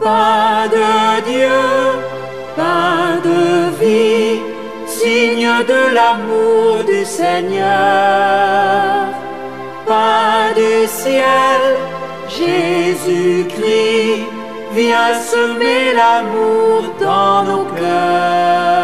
Pas de Dieu, pas de vie, signe de l'amour du Seigneur. Pas du ciel, Jésus-Christ, viens semer l'amour dans nos cœurs.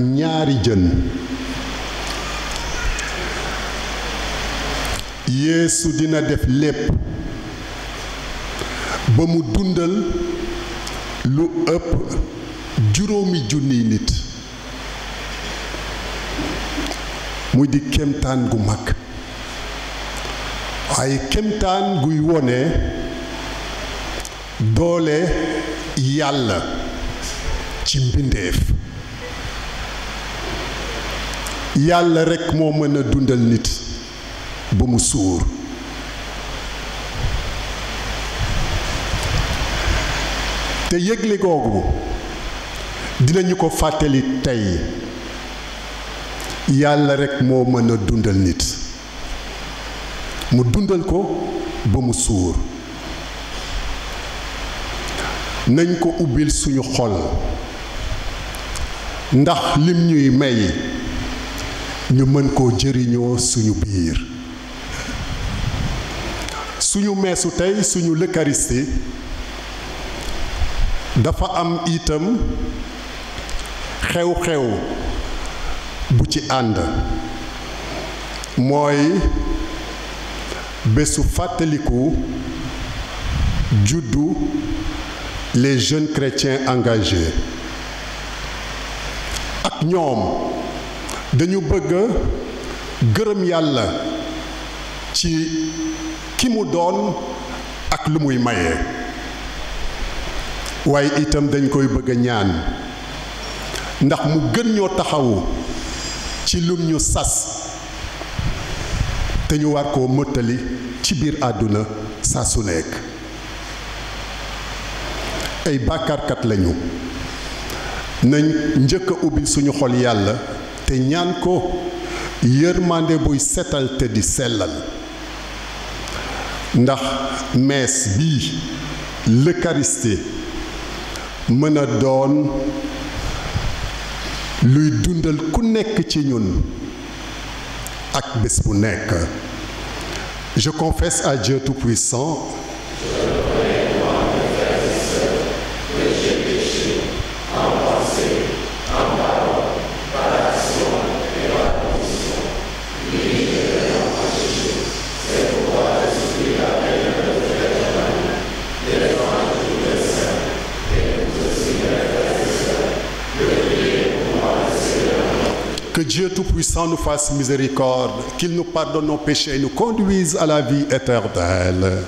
ñaari jën yéesu dina def lépp ba mu dundal lu ëpp juróomi junniy nit muy di kemtaan gu mag waaye kemtaan guy wone doole yàlla ci mbindeef yàlla rekk moo mën a dundal nit ba mu suur te yëgle googu dinañu ko fàttali tey yàlla rekk moo mën a dundal nit mu dundal ko ba mu suur nañ ko ubbil suñu xol ndax lim ñuy may ñu mën koo jëriñoo suñu biir suñu meesu tey suñu l'Eucharistie dafa am itam xew-xew bu ci ànd mooy bésu fàttaliku juddu les jeunes chrétiens engagés ak ñoom dañu bëgg a gërëm yàlla ci ki mu doon ak lu muy maye waaye itam dañ koy bëgg a ñaan ndax mu gën ñoo taxawu ci lum ñu sas te ñu war koo mëttali ci biir àdduna sasu nekk ay bàkkaarkat lañu na njëkk a ubbi suñu xol yàlla te ñaan ko yërmande buy setal te di sellal ndax mees bi l'Eucharistie mën a doon luy dundal ku nekk ci ñun ak bés bu nekk je confesse à Dieu Tout-Puissant Dieu Tout-Puissant nous fasse miséricorde, qu'il nous pardonne nos péchés nous conduise à la vie éternelle.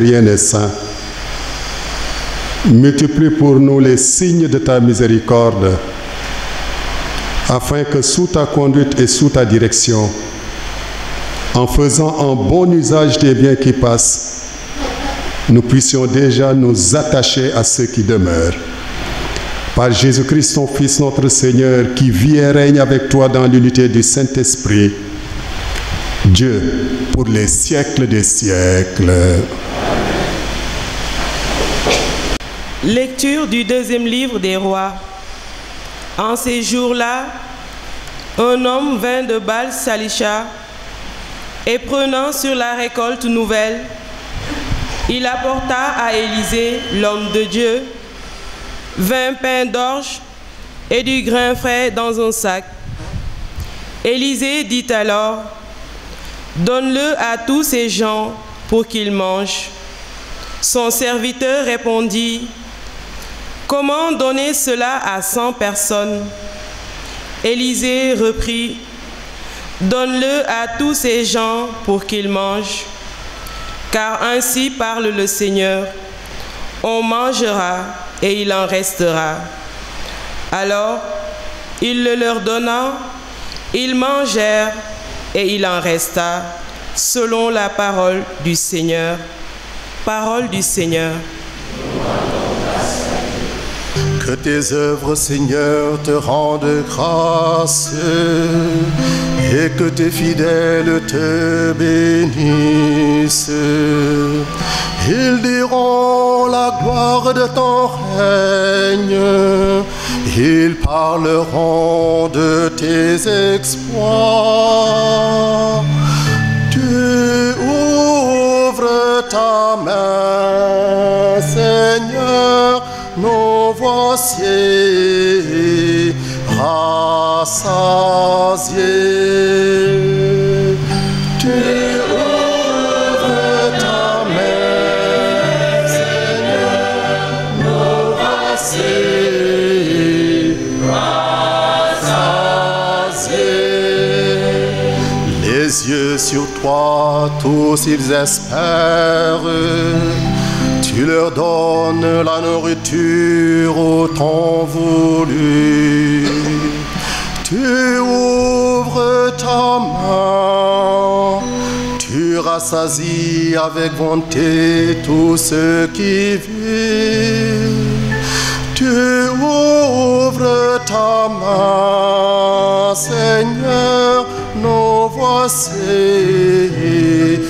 rien n'est saint. Multiplie pour nous les signes de ta miséricorde, afin que sous ta conduite et sous ta direction, en faisant un bon usage des biens qui passent, nous puissions déjà nous attacher à ceux qui demeurent. Par Jésus-Christ, ton Fils, notre Seigneur, qui vit et règne avec toi dans l'unité du Saint-Esprit, Dieu, pour les siècles des siècles. Lecture du deuxième livre des rois. En ces jours-là, un homme vint de Baal Salisha et prenant sur la récolte nouvelle, il apporta à Élisée, l'homme de Dieu, vingt pains d'orge et du grain frais dans un sac. Élisée dit alors, Donne-le à tous ces gens pour qu'ils mangent. Son serviteur répondit, Comment donner cela à 100 personnes Élisée reprit, Donne-le à tous ces gens pour qu'ils mangent, car ainsi parle le Seigneur, on mangera et il en restera. Alors, il le leur donna, ils mangèrent et il en resta, selon la parole du Seigneur. Parole du Seigneur. Que tes œuvres, Seigneur, te rendent grâce et que tes fidèles te bénissent. Ils diront la gloire de ton règne, ils parleront de tes exploits. Tu ouvres ta main, rassasié, Tu ouvres ta main, Seigneur, nous rassasié, rassasié. Les yeux sur toi, tous ils espèrent. Tu leur donnes la nourriture au temps voulu. Tu ouvres ta main, tu rassasies avec bonté tous ceux qui vivent. Tu ouvres ta main, Seigneur, nous voici.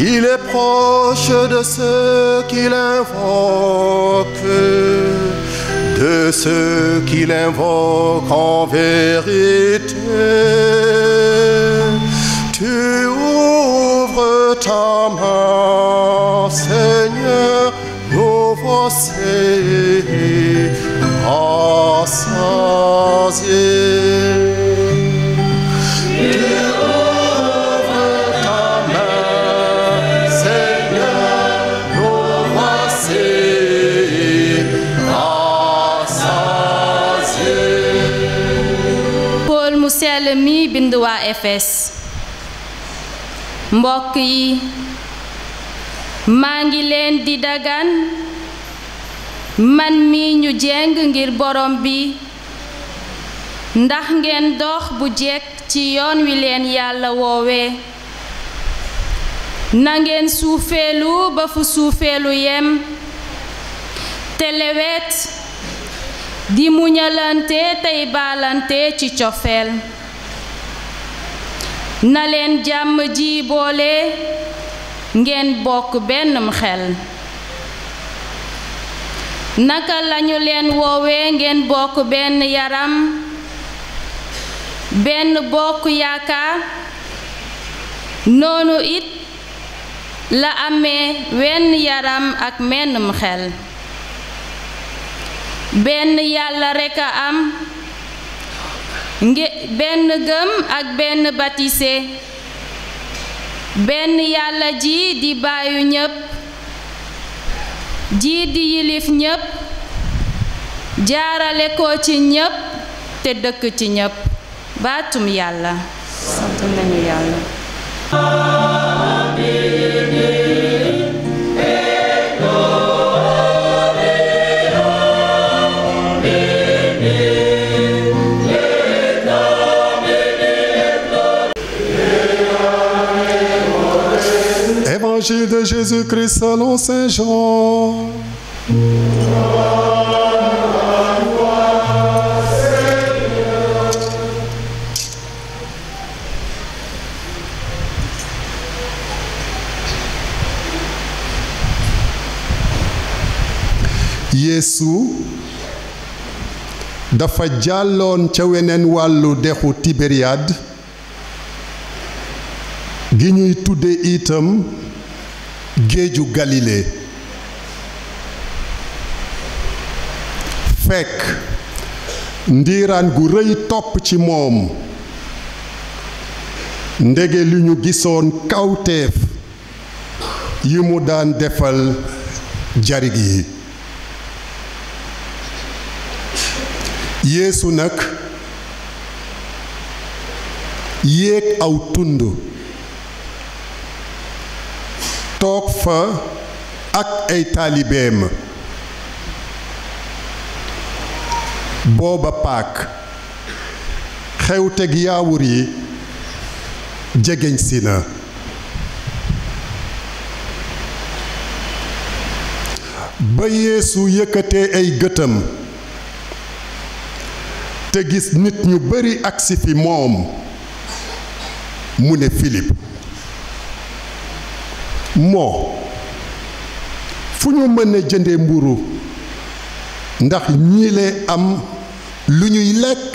Il est proche de ceux qu'il invoque, de ceux qu'il invoque en vérité. Tu ouvres ta main, Seigneur, nous voici bind waa mbokk yi maa ngi leen di dagan man mi ñu jeng ngir borom bi ndax ngeen dox bu jekk ci yoon wi leen yàlla woowee na ngeen suufeelu ba fu suufeelu yem te lewet di muñalante tey baalante ci cofeel na leen jàmm ji boole ngeen bokk bennum xel naka lañu leen woowee ngeen bokk benn yaram benn bokk yaakaar noonu it la amee wenn yaram ak mennum xel benn yàlla rekk a am nge benn gëm ak benn batise benn yàlla ji di baayu ñépp ji di yilif ñépp jaarale ko ci ñépp te dëkk ci ñépp baatum yàlla de Jésus-Christ dafa jàlloon ca weneen wàllu dexu Tibériade gi ñuy tudde itam géeju Galilée fekk ndiiraan gu rëy topp ci moom ndege li ñu gisoon kawteef yi mu daan defal jarig yi yéesu nag yéeg aw tund toog fa ak ay taalibeem booba paak xewteg yaawur yi jegeñ na ba yéesu yëkkatee ay gëtam te gis nit ñu bari agsi fi moom mu ne Philippe moo fu ñu mën a jëndee mburu ndax ñii am lu ñuy lekk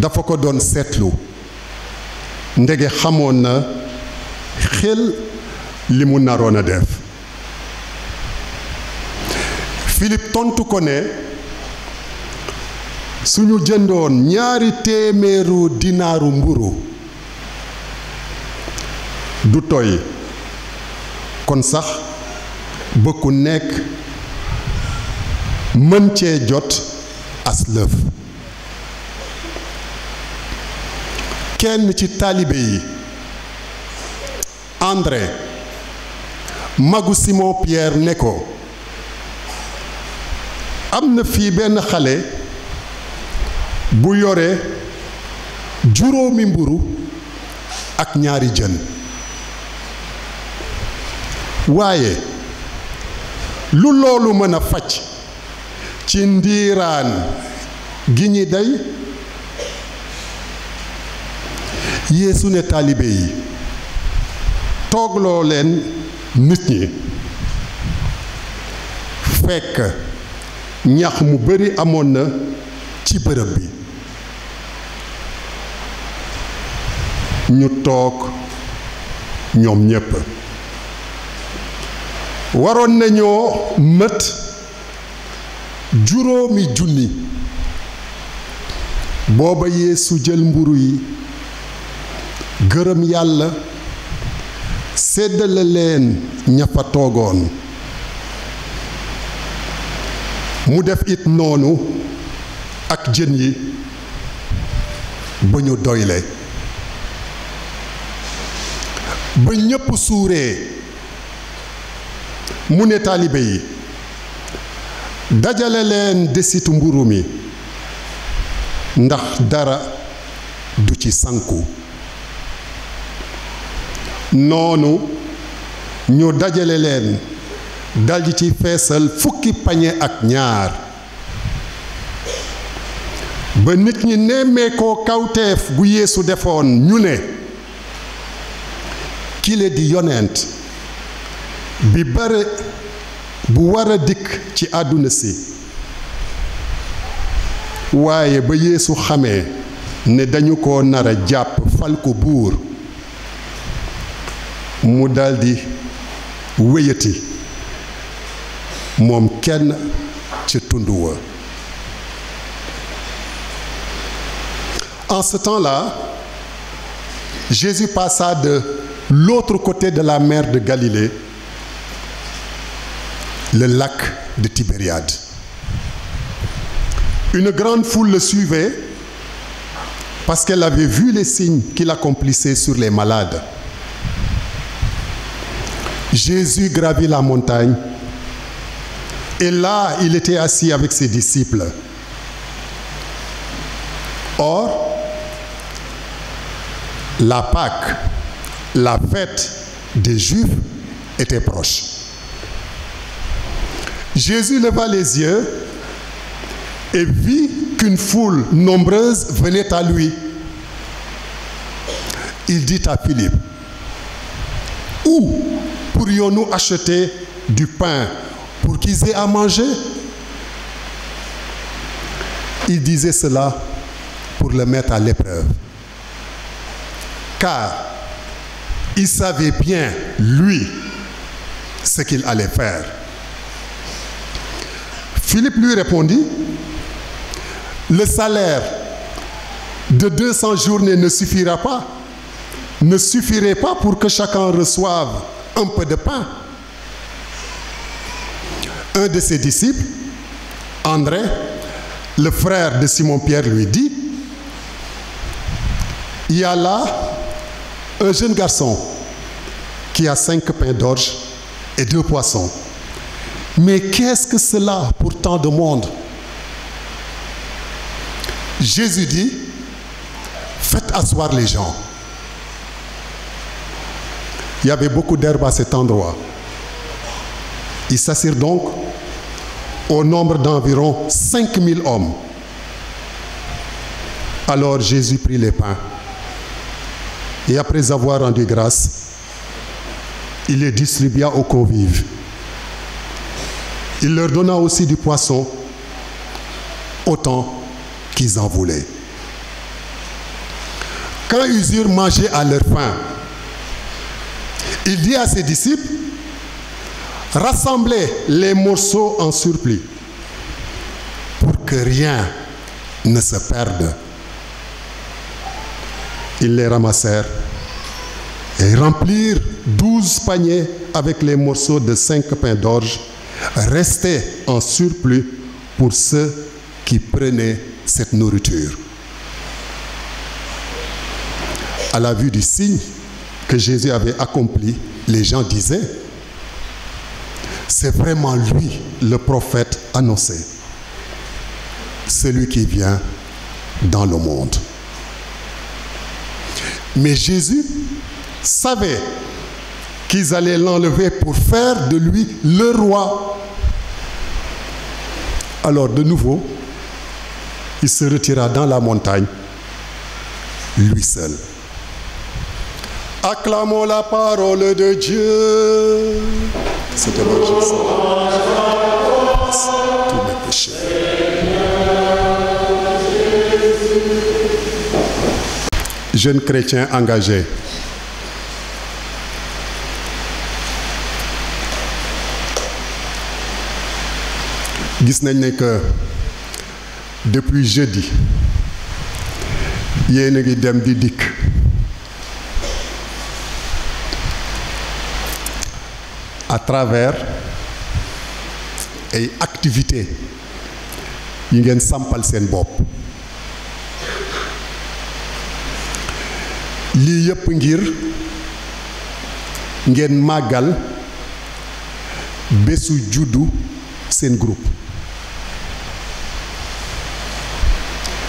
dafa ko doon seetlu ndege xamoon na xel li mu naroon a def Philippe tontu ko ne suñu jëndoon ñaari téeméeru dinaaru mburu du tooy kon sax ba nekk mën cee jot as lëf kenn ci taalibe yi André magu Simon Pierre né ko am na fii benn xale bu yore juróomi mburu ak ñaari jën waaye lu loolu mën a faj ci ndiiraan gi ñi day yeesu ne taalibe yi toogloo leen nit ñi fekk ñax mu bari amoon na ci bërëb bi ñu toog ñoom ñépp waroon nañoo mët juróomi junni booba yéesu jël mburu yi gërëm yàlla séddale leen ña fa toogoon mu def it noonu ak jën yi ba ñu doyle ba ñépp suuree mu ne taalibe yi dajale leen desitu mburu mi ndax dara du ci sanku noonu ñu dajale leen daldi ci feesal fukki pañe ak ñaar ba nit ñi nemmeekoo kawteef gu yéesu defoon ñu ne kile di yonent bi bare bu war a dikk ci àdduna si waaye ba yéesu xamee ne dañu ko nara jàpp fal buur mu daldi wéyati moom kenn ci tund wa en ce temps-là Jésus l'autre côté de la mer de Galilée le lac de Tibériade. Une grande foule le suivait parce qu'elle avait vu les signes qu'il accomplissait sur les malades. Jésus gravit la montagne et là, il était assis avec ses disciples. Or, la Pâque, la fête des Juifs, était proche. Jésus leva les yeux et vit qu'une foule nombreuse venait à lui. Il dit à Philippe, Où pourrions-nous acheter du pain pour qu'ils aient à manger? Il disait cela pour le mettre à l'épreuve. Car il savait bien, lui, ce qu'il allait faire. Philippe lui répondit, le salaire de 200 journées ne suffira pas, ne suffirait pas pour que chacun reçoive un peu de pain. Un de ses disciples, André, le frère de Simon-Pierre, lui dit, il y a là un jeune garçon qui a cinq pains d'orge et deux poissons. Mais qu'est-ce que cela pour tant de monde Jésus dit, faites asseoir les gens. Il y avait beaucoup d'herbe à cet endroit. Ils s'assirent donc au nombre d'environ 5000 hommes. Alors Jésus prit les pains et après avoir rendu grâce, il les distribua aux convives Il leur donna aussi du poisson autant qu'ils en voulaient. Quand ils eurent mangé à leur faim, il dit à ses disciples, rassemblez les morceaux en surplus pour que rien ne se perde. Ils les ramassèrent et remplirent douze paniers avec les morceaux de cinq pains d'orge restait en surplus pour ceux qui prenaient cette nourriture. À la vue du signe que Jésus avait accompli, les gens disaient, c'est vraiment lui le prophète annoncé, celui qui vient dans le monde. Mais Jésus savait qu'ils allaient l'enlever pour faire de lui le roi. Alors de nouveau, il se retira dans la montagne, lui seul. Acclamons la parole de Dieu. C'était Jésus. Tous Jeune chrétien engagé. gis nañ ne que depuis jedi yéen a ngi dem di dikk à travers ay activité yi ngeen sampal seen bopp lii yëpp ngir ngeen màggal bésu juddu seen groupe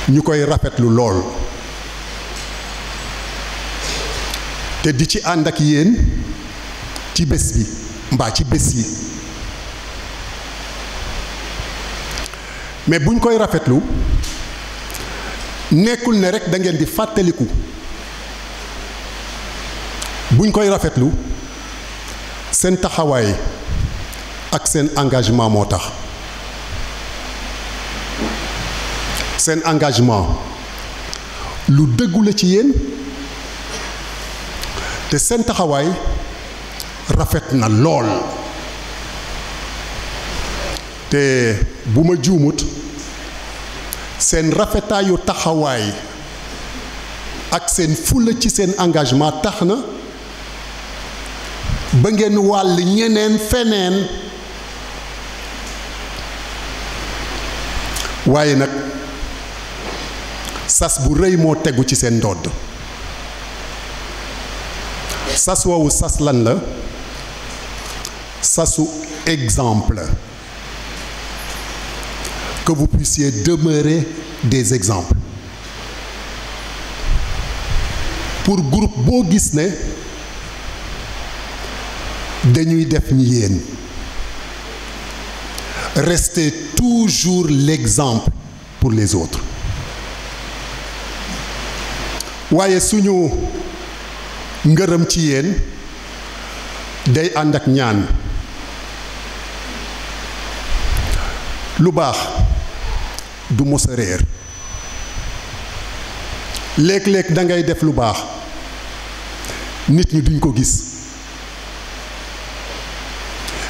ñu koy rafetlu lool te di ci ànd ak yéen ci bés bi mbaa ci bés yi mais buñ koy rafetlu nekkul ne rek da ngeen di fàttaliku buñ koy rafetlu seen taxawaay ak seen engagement moo tax seen engagement lu dëggu ci yéen te seen taxawaay rafet na lool te bu ma juumut seen rafetaayu taxawaay ak seen fulla ci seen engagement tax na ba ngeen wàll ñeneen feneen waaye nag sas bu rëy moo tegu ci seen ndodd sas woowu sas lan la sasu exemple que vous puissiez demeurer des exemples pour group boo gis ne dañuy def ni yéen restez toujours l'exemple pour les autres waaye suñu ngërëm ci yéen day ànd ak ñaan lu baax du mos a réer léeg-léeg da def lu baax nit ñi duñ ko gis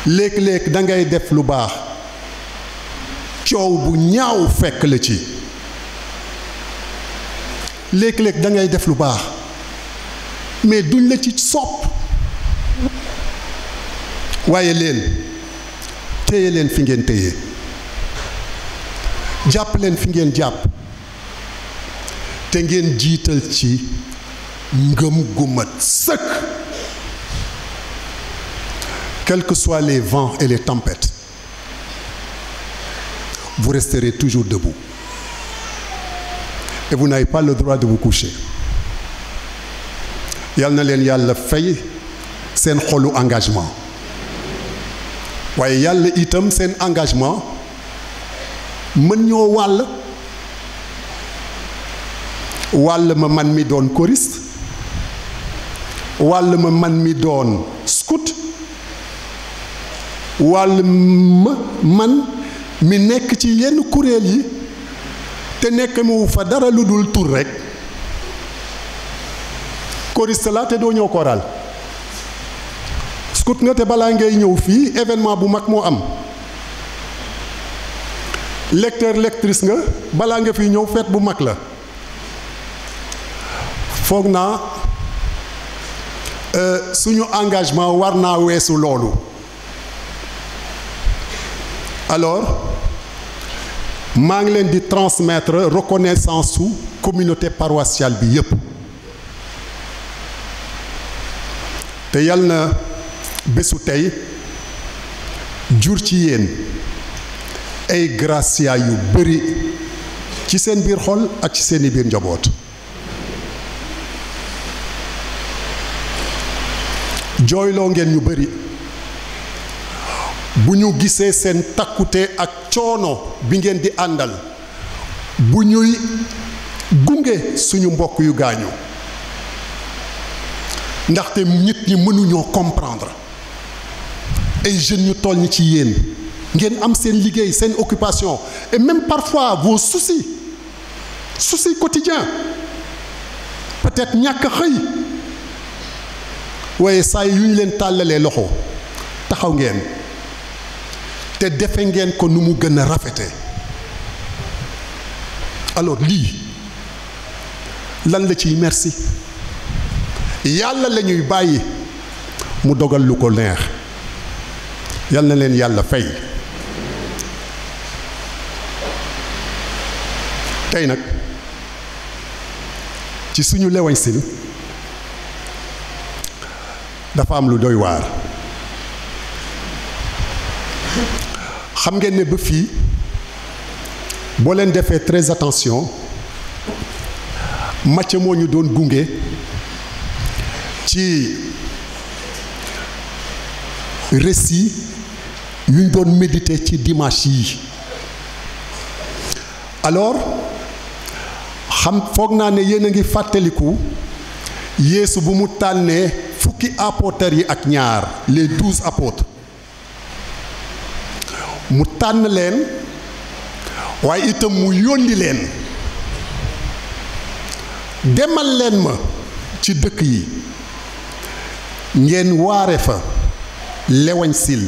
léeg-léeg da def lu baax coow bu ñaaw fekk la ci léeg-léeg dangay def lu baax mais duñ la ci sopp waaye leen téye leen fi ngeen téye jàpp leen fi ngeen jàpp te ngeen jiital ci ngëm gu mat sëkk quels que soient les vents et les tempêtes vous resterez toujours debout que vous n'avez pas le droit de vous coucher yal na leen yàlla fay seen xolu engagement waaye yàlla itam seen engagement mën ñoo wàll wàll ma man mi doon choriste wàll ma man mi doon scout wàll ma man mi nekk ci yenn kuréel yi te nekk mu fa dara lu dul tur rek choriste la te doo ñëw choral scout nga te balaa ngay ñëw fii événement bu mag moo am lecteur lectrice nga balaa nga fi ñëw feet bu mag la foog naa euh, suñu engagement war naa weesu loolu alors maa ngi leen di transmettre reconnaissance su communauté paroissiale bi yépp te yal na bésu tey jur ci yéen ay gracia yu bari ci seen biir xol ak ci seeni biir njoboot jooyloo ngeen ñu bari bu ñu gisee seen takkute ak coono bi ngeen di àndal bu ñuy gunge suñu mbokk yu gaañu ndaxte nit ñi mënuñoo comprendre ay jeunes ñu tool ñi ci yéen ngeen am seen liggéey seen occupation et même parfois vos soucis soucis quotidiens peut-être ñàkk xëy waaye saa yu ñu leen tàllalee loxo taxaw ngeen te defe ngeen ko nu mu gën a rafete alors lii lan la ciy merci yàlla la bàyyi mu dogal lu ko neex yal na leen yàlla fay tey nag ci suñu lewañ dafa am lu doy waar xam ngeen ne ba fii boo leen defee très attention Mathieu moo ñu doon gunge ci récit yu ñu doon méditer ci dimanche yi alors xam foog naa ne yéen a ngi fàttaliku yéesu bu mu tànnee fukki apôtres yi ak ñaar les douze apôtres mu tànn leen waaye itam mu yónni leen demal leen ma ci dëkk yi ngeen waare fa lewañ sil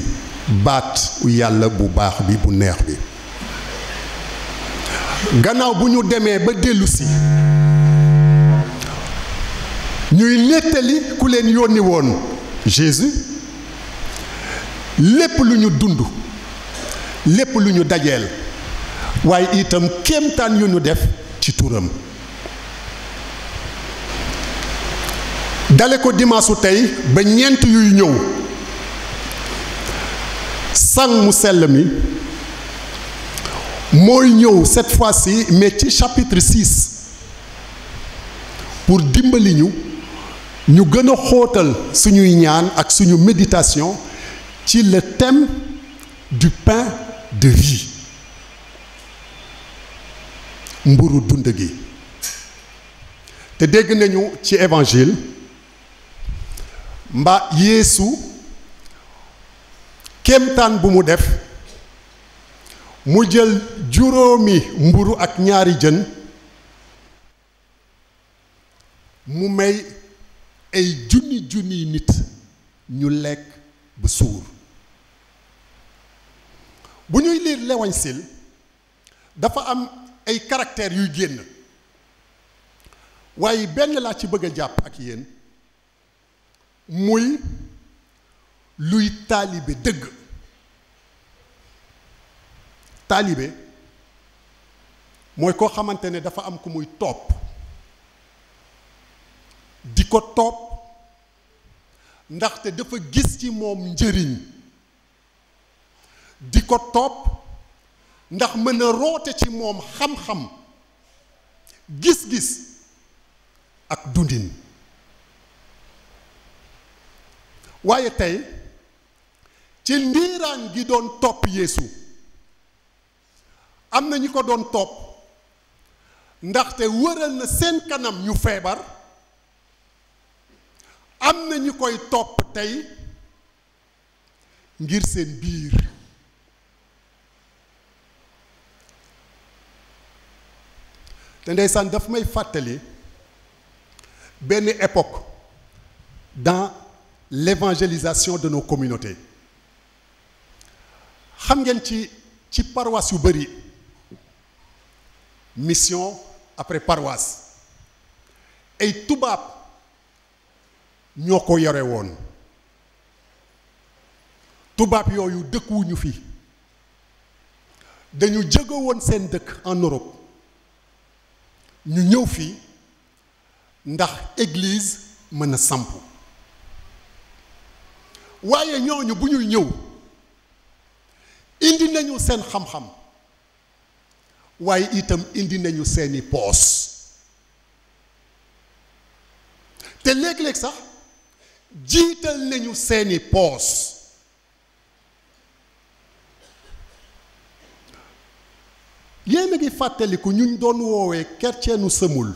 baat yàlla bu baax bi bu neex bi gannaaw bu ñu demee ba dellusi ñuy nettali ku leen yónni woon Jésus lépp lu ñu dund lépp lu ñu dajeel waaye itam kéemtaan yu ñu def ci turam dale ko dimaasu tey ba ñeent yuy ñëw sang mu sell mi mooy ñëw cette fois-ci mais chapitre 6 pour dimbali ñu ñu gën a xóotal suñuy ñaan ak suñu méditasion ci le thème du pain de mburu dund gi te dégg nañu ci évangile mba yéesu kéemtaan bu mu def mu jël juróomi mburu ak ñaari jën mu may ay junni junni nit ñu lekk ba suur bu ñuy liir l'Évangile dafa am ay caractères yuy génn waaye benn laa ci bëgg a jàpp ak yéen muy luy taalibe dëgg taalibe mooy koo xamante ne dafa am ku muy topp di ko topp ndaxte dafa gis ci moom njëriñ di ko topp ndax mën a roote ci moom xam-xam gis-gis ak dundin waaye tey ci ndiiraan gi doon topp yéesu am na ñu ko doon topp ndaxte wëral na seen kanam ñu feebar am na ñu koy topp tey ngir seen biir te ndeysaan daf may fàttali benn époque dans l'évangélisation de no communautés xam ngeen ci ci paroisse yu bëri mission après paroisse ay tubaab ñoo ko yore woon tubaab yooyu dëkkuwuñu fi dañu jege woon seen dëkk en Europe ñu ñëw fii ndax église mën a samp waaye ñooñu bu ñuy ñëw indi nañu seen xam-xam waaye itam indi nañu seeni poos te léeg-léeg sax jiital nañu seeni poos yéen a ngi fàttaliku ñu doon woowee kerceenu sëmul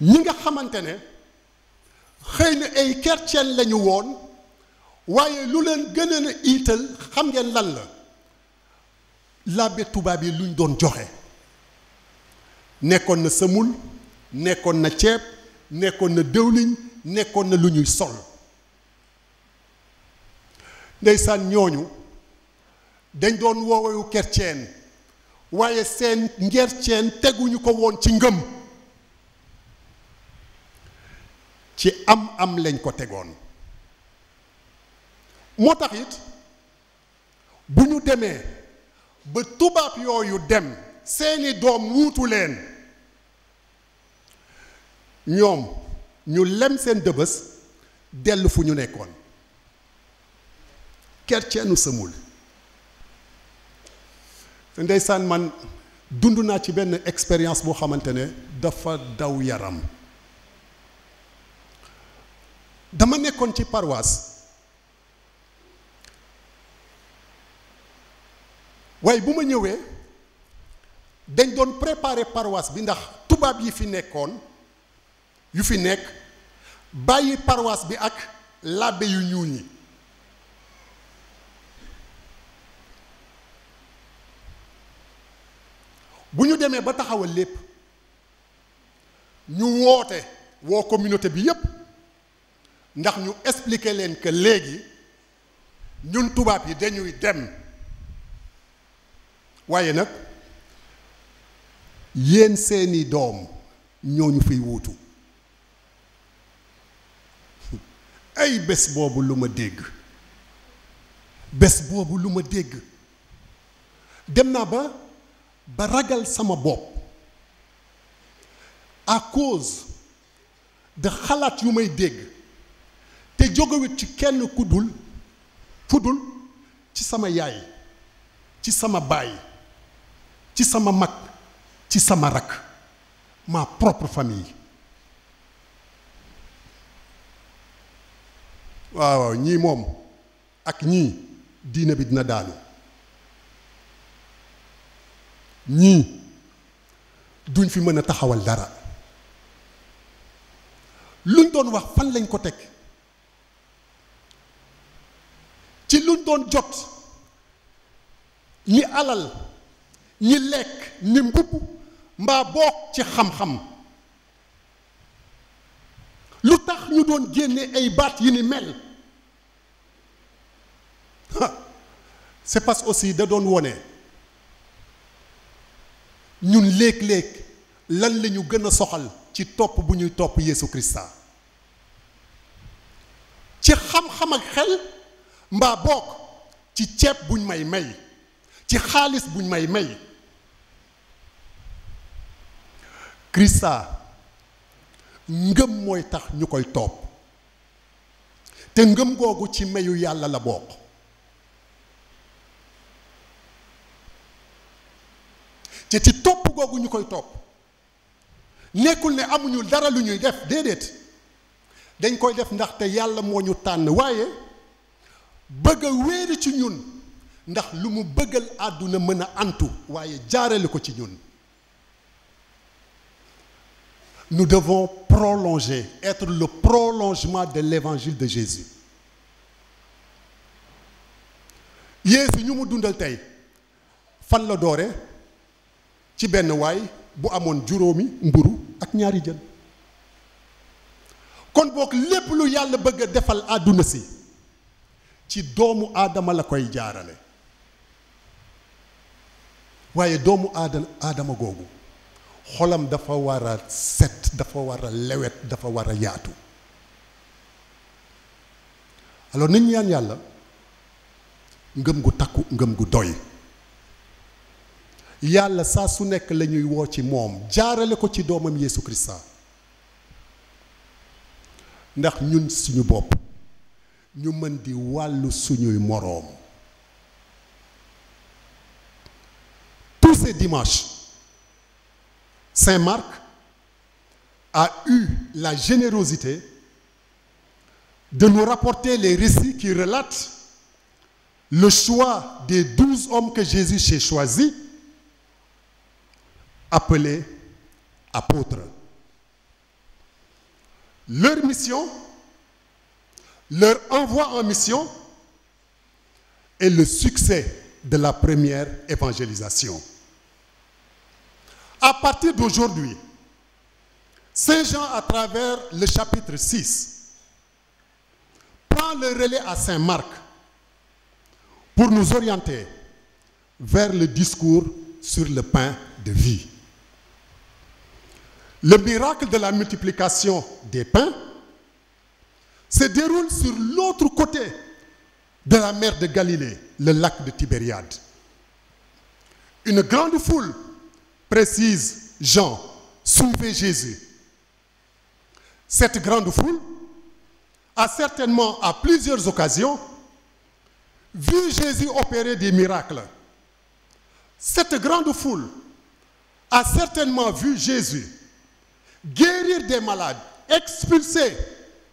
ñi nga xamante ne xëy na ay kerceen lañu woon waaye lu leen gën a iital xam ngeen lan la làbbe tubaab yi luñ doon joxe nekkoon na sëmul nekkoon na ceeb nekkoon na dëwliñ nekkoon na lu ñuy sol ndeysaan ñooñu dañ doon woowewu kerceen waaye seen ngerceen teguñu ko woon ci ngëm ci am am lañ ko tegoon moo taxit it bu ñu demee ba tubaab yooyu dem seeni doom wuutu leen ñoom ñu lem seen dëbës dellu fu ñu nekkoon kerceenu sëmul ndeysaan man dund naa ci benn expérience boo xamante ne dafa daw yaram dama nekkoon ci paroisse waaye bu ma ñëwee dañ doon préparer paroisse bi ndax tubaab yi fi nekkoon yu fi nekk bàyyi paroisse bi ak labbe yu ñuul ñi bu ñu demee ba taxawal lépp ñu woote woo communauté bi yépp ndax ñu expliquer leen que léegi ñun tubaab yi dañuy dem waaye nag yéen seeni doom ñoo ñu fiy wuutu ay bés boobu lu ma dégg bés boobu lu ma dégg dem naa ba ba ragal sama bopp à cause de xalaat yu may dégg te jógewut ci kenn ku dul ci sama yaay ci sama baay ci sama mag ci sama rak ma propre famille waaw waaw ñii moom ak ñii diine bi dina daanu ñii duñ fi mën a taxawal dara luñ doon wax fan lañ ko teg ci luñ doon jot ñi alal ñi lekk ñi mbubb mbaa boog ci xam-xam lu tax ñu doon génne ay baat yi ni mel c'est parce aussi da doon wone ñun léeg-léeg lan lañu ñu gën a soxal ci topp bu ñuy topp Yeesu Krista ci xam-xam ak xel mbaa bokk ci ceeb buñ may may ci xaalis buñ may may Krista ngëm mooy tax ñu koy topp te ngëm googu ci mayu yàlla la bokk te ci topp googu ñu koy topp nekkul ne amuñu dara lu ñuy def déedéet dañ koy def ndaxte yàlla moo ñu tànn waaye bëgg a wéeri ci ñun ndax lu mu bëggal àdduna mën a antu waaye jaarale ko ci ñun nous devons prolonger être le prolongement de l'évangile de Jésus Yéesu ñu mu dundal tey fan la doore ci benn waay bu amoon juróomi mburu ak ñaari jën kon boog lépp lu yàlla bëgg a defal àdduna si ci doomu aadama la koy jaarale waaye doomu aada aadama googu xolam dafa war a set dafa war a lewet dafa war a yaatu alors nit ñaan yàlla ngëm gu takku ngëm gu doy yàlla saa su nekk la ñuy woo ci moom jaarale ko ci doomam Yeesu Krista ndax ñun suñu bopp ñu mën di wàllu suñuy moroom tous ces dimanches Saint Marc a eu la générosité de nous rapporter les récits qui relatent le choix des douze hommes que Jésus s'est choisi appelés apôtres. Leur mission, leur envoi en mission est le succès de la première évangélisation. À partir d'aujourd'hui, Saint Jean, à travers le chapitre 6, prend le relais à Saint Marc pour nous orienter vers le discours sur le pain de vie. Le miracle de la multiplication des pains se déroule sur l'autre côté de la mer de Galilée, le lac de Tibériade. Une grande foule, précise Jean, suivait Jésus. Cette grande foule a certainement, à plusieurs occasions, vu Jésus opérer des miracles. Cette grande foule a certainement vu Jésus guérir des malades, expulser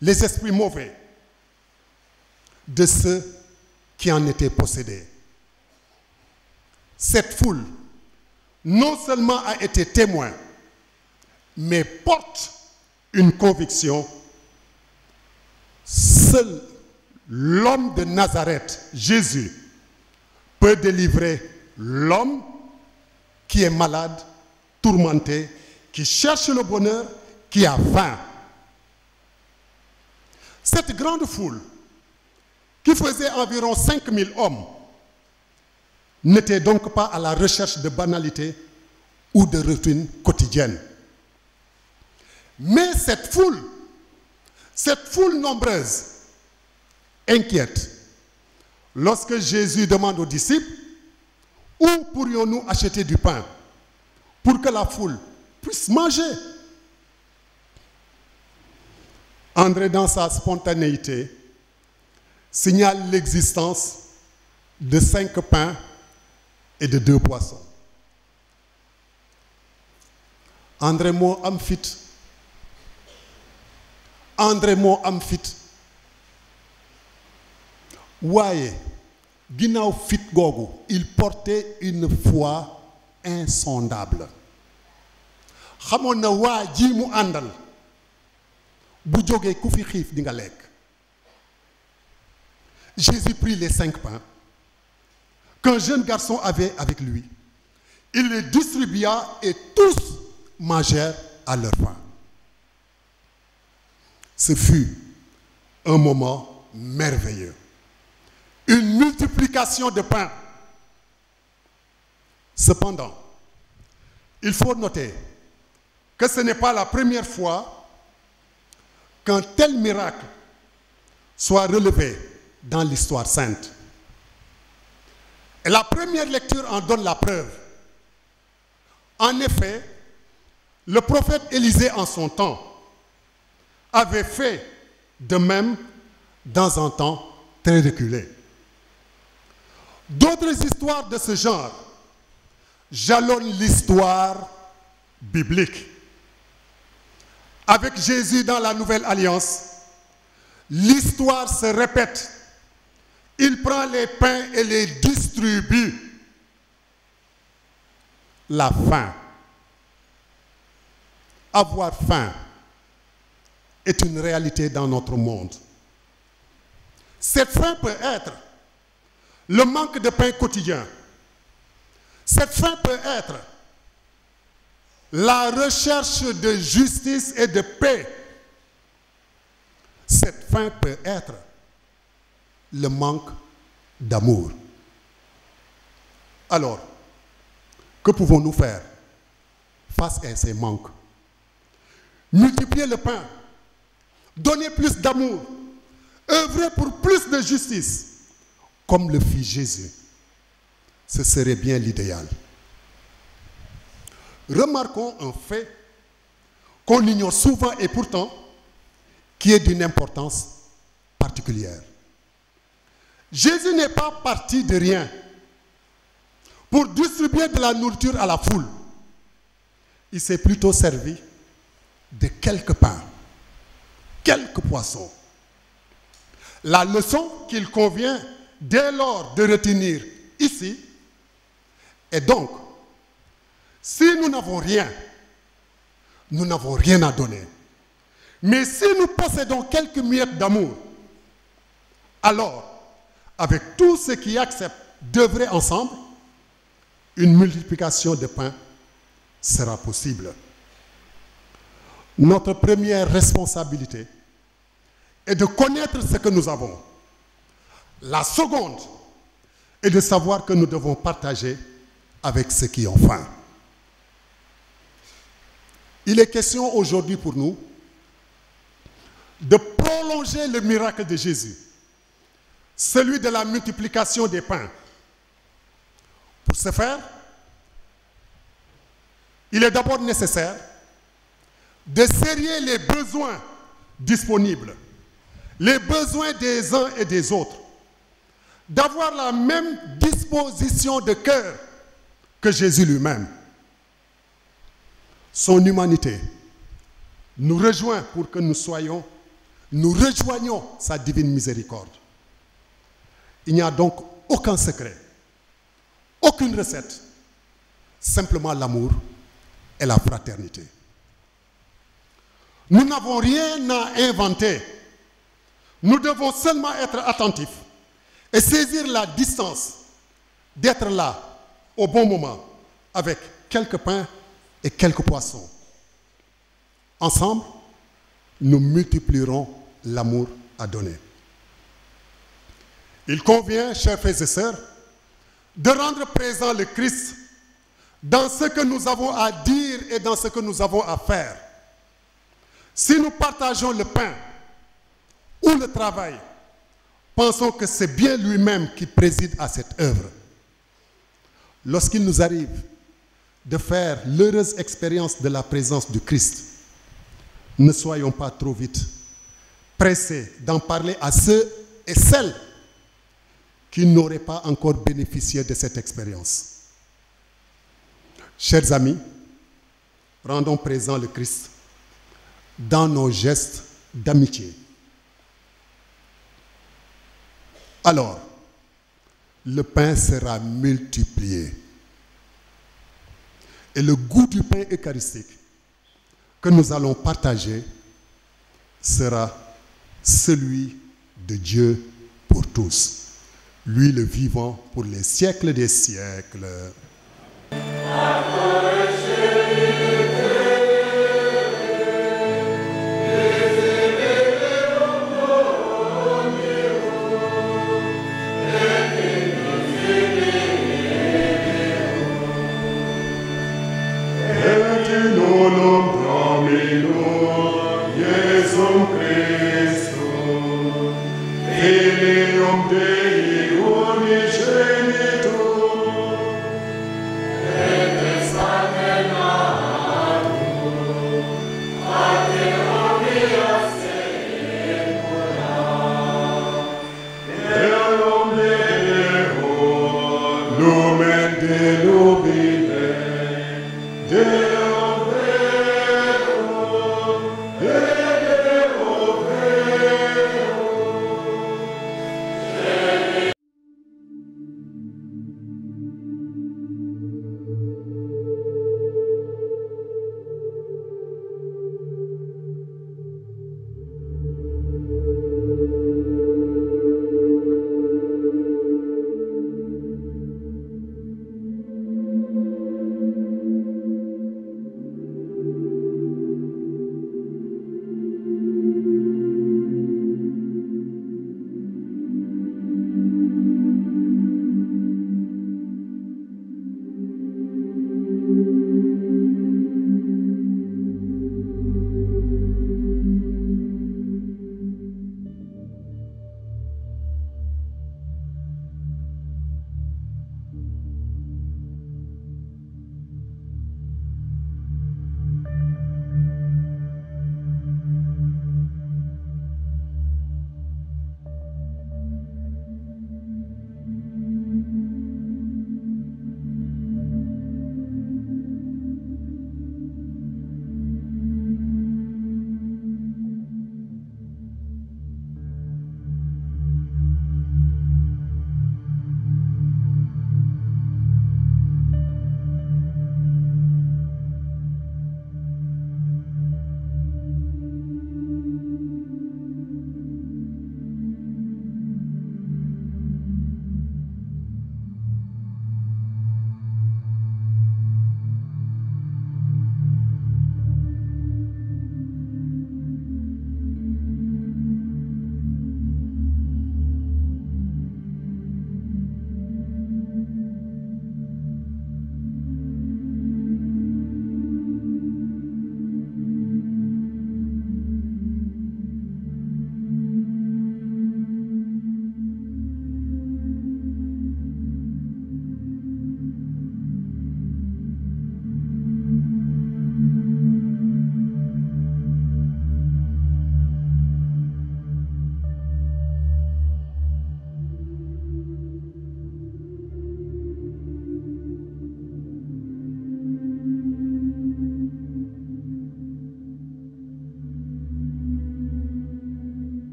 les esprits mauvais de ceux qui en étaient possédés. Cette foule non seulement a été témoin, mais porte une conviction. Seul l'homme de Nazareth, Jésus, peut délivrer l'homme qui est malade, tourmenté qui cherche le bonheur, qui a faim. Cette grande foule, qui faisait environ 5000 hommes, n'était donc pas à la recherche de banalités ou de routines quotidiennes. Mais cette foule, cette foule nombreuse, inquiète. Lorsque Jésus demande aux disciples, où pourrions-nous acheter du pain pour que la foule puisse manger. André, dans sa spontanéité, signale l'existence de cinq pains et de deux poissons. André moo am fit André moo am fit waaye ginnaaw fit googu il portait une foi insondable xamoon na waa ji mu àndal bu jógee ku fi xiif di nga lekk Jésus prit les cinq pains qu'un jeune garçon avait avec lui il les distribua et tous mangèrent à leur faim ce fut un moment merveilleux une multiplication de pains cependant il faut noter que ce n'est pas la première fois qu'un tel miracle soit relevé dans l'histoire sainte. Et la première lecture en donne la preuve. En effet, le prophète Élisée en son temps avait fait de même dans un temps très reculé. D'autres histoires de ce genre jalonnent l'histoire biblique. Avec Jésus dans la nouvelle alliance, l'histoire se répète. Il prend les pains et les distribue. La faim. Avoir faim est une réalité dans notre monde. Cette faim peut être le manque de pain quotidien. Cette faim peut être la recherche de justice et de paix. Cette fin peut être le manque d'amour. Alors, que pouvons-nous faire face à ces manques? Multiplier le pain, donner plus d'amour, œuvrer pour plus de justice, comme le fit Jésus. Ce serait bien l'idéal. Remarquons un fait qu'on ignore souvent et pourtant qui est d'une importance particulière. Jésus n'est pas parti de rien pour distribuer de la nourriture à la foule. Il s'est plutôt servi de quelques pains, quelques poissons. La leçon qu'il convient dès lors de retenir ici est donc Si nous n'avons rien, nous n'avons rien à donner. Mais si nous possédons quelques miettes d'amour, alors, avec tous ceux qui acceptent d'œuvrer ensemble, une multiplication de pains sera possible. Notre première responsabilité est de connaître ce que nous avons. La seconde est de savoir que nous devons partager avec ceux qui ont Il est question aujourd'hui pour nous de prolonger le miracle de Jésus, celui de la multiplication des pains. Pour ce faire, il est d'abord nécessaire de serrer les besoins disponibles, les besoins des uns et des autres, d'avoir la même disposition de cœur que Jésus lui-même. son humanité, nous rejoint pour que nous soyons, nous rejoignions sa divine miséricorde. Il n'y a donc aucun secret, aucune recette, simplement l'amour et la fraternité. Nous n'avons rien à inventer. Nous devons seulement être attentifs et saisir la distance d'être là au bon moment avec quelques pains et quelques poissons. Ensemble, nous multiplierons l'amour à donner. Il convient, chers frères et sœurs, de rendre présent le Christ dans ce que nous avons à dire et dans ce que nous avons à faire. Si nous partageons le pain ou le travail, pensons que c'est bien lui-même qui préside à cette œuvre. Lorsqu'il nous arrive de faire l'heureuse expérience de la présence du Christ. Ne soyons pas trop vite pressés d'en parler à ceux et celles qui n'auraient pas encore bénéficié de cette expérience. Chers amis, rendons présent le Christ dans nos gestes d'amitié. Alors, le pain sera multiplié. et le goût du pain eucharistique que nous allons partager sera celui de Dieu pour tous, lui le vivant pour les siècles des siècles.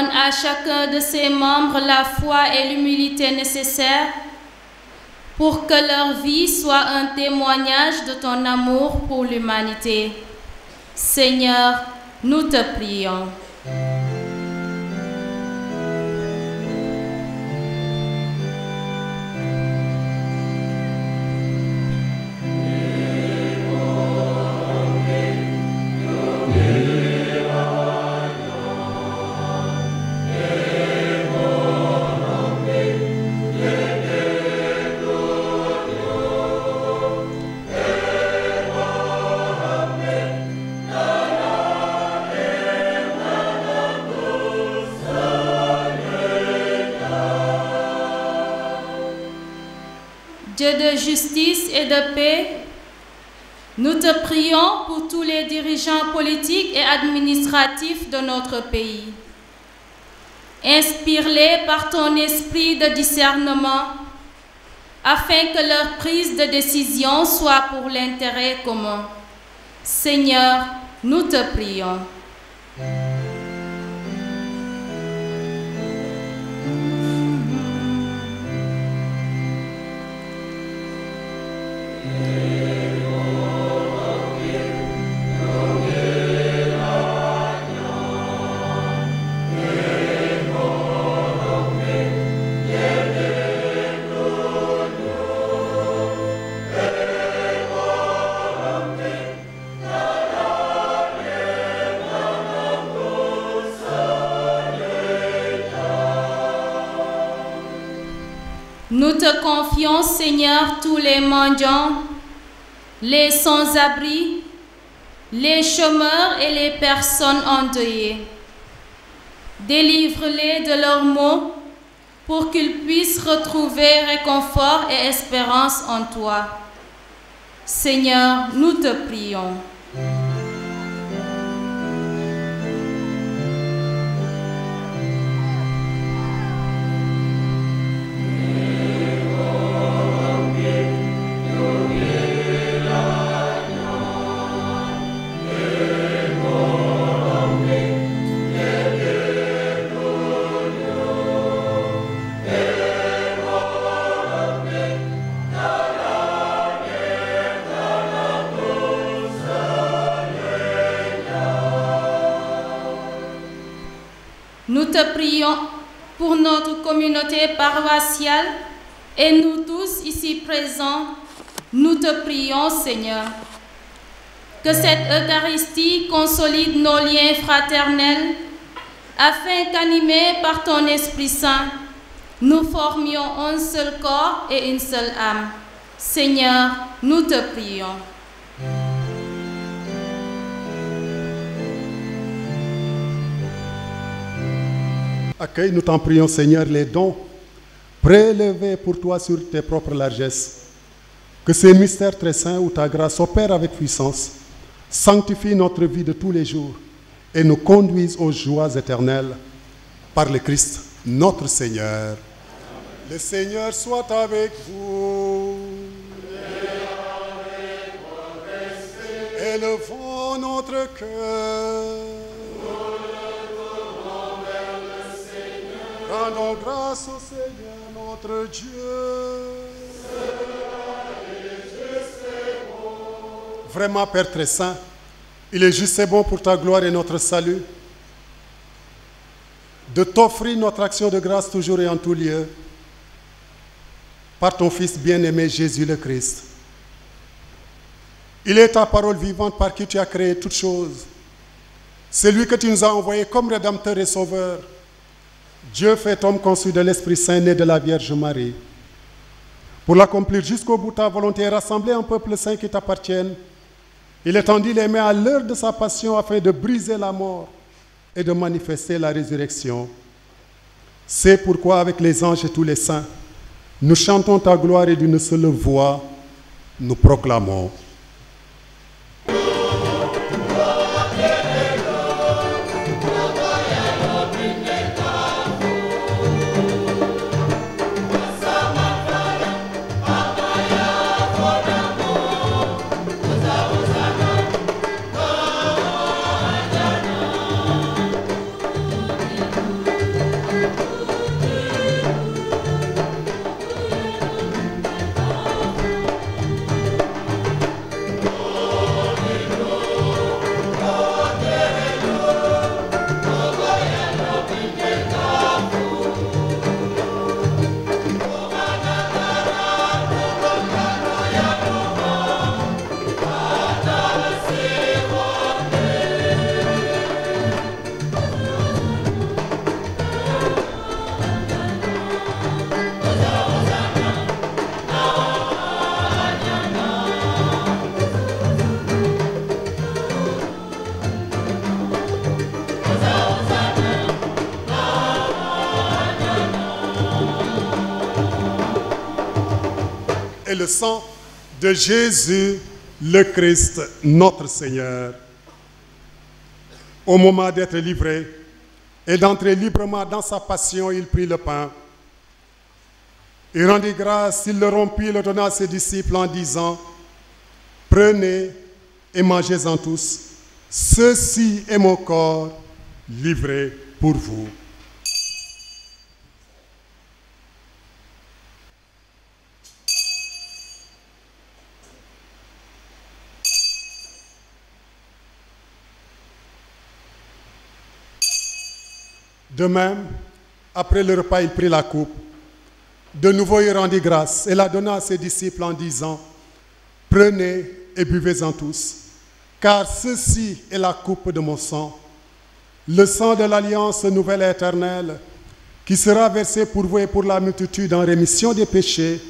donne à chacun de ses membres la foi et l'humilité nécessaires pour que leur vie soit un témoignage de ton amour pour l'humanité. Seigneur, nous te prions. Dieu de justice et de paix, nous te prions pour tous les dirigeants politiques et administratifs de notre pays. Inspire-les par ton esprit de discernement afin que leur prise de décision soit pour l'intérêt commun. Seigneur, nous te prions. Seigneur, tous les mendiants, les sans-abri, les chômeurs et les personnes endeuillées. Délivre-les de leurs maux pour qu'ils puissent retrouver réconfort et espérance en toi. Seigneur, nous te prions. prions pour notre communauté paroissiale et nous tous ici présents. Nous te prions, Seigneur, que cette Eucharistie consolide nos liens fraternels afin qu'animés par ton Esprit Saint, nous formions un seul corps et une seule âme. Seigneur, nous te prions. Accueille, nous t'en prions, Seigneur, les dons prélevés pour toi sur tes propres largesses. Que ces mystères très saints où ta grâce opère avec puissance sanctifie notre vie de tous les jours et nous conduise aux joies éternelles par le Christ, notre Seigneur. Le Seigneur soit avec vous. Élevons notre cœur. Rendons grâce Vraiment, Père très saint, il est juste et bon pour ta gloire et notre salut de t'offrir notre action de grâce toujours et en tout lieu par ton Fils bien-aimé Jésus le Christ. Il est ta parole vivante par qui tu as créé toutes choses. C'est lui que tu nous as envoyé comme Rédempteur et Sauveur. Dieu fait homme conçu de l'Esprit Saint né de la Vierge Marie, pour l'accomplir jusqu'au bout ta volonté et rassembler un peuple saint qui t'appartienne. Il étendit les mains à l'heure de sa passion afin de briser la mort et de manifester la résurrection. C'est pourquoi avec les anges et tous les saints, nous chantons ta gloire et d'une seule voix, nous proclamons. et le sang de Jésus le Christ, notre Seigneur. Au moment d'être livré et d'entrer librement dans sa passion, il prit le pain. Il rendit grâce, il le rompit, le donna à ses disciples en disant, Prenez et mangez-en tous, ceci est mon corps livré pour vous. De même, après le repas, il prit la coupe. De nouveau, il rendit grâce et la donna à ses disciples en disant, Prenez et buvez-en tous, car ceci est la coupe de mon sang, le sang de l'alliance nouvelle et éternelle, qui sera versé pour vous et pour la multitude en rémission des péchés.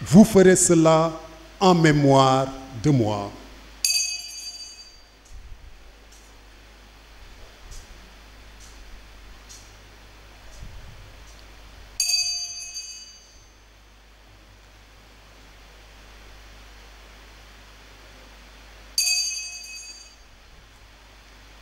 Vous ferez cela en mémoire de moi.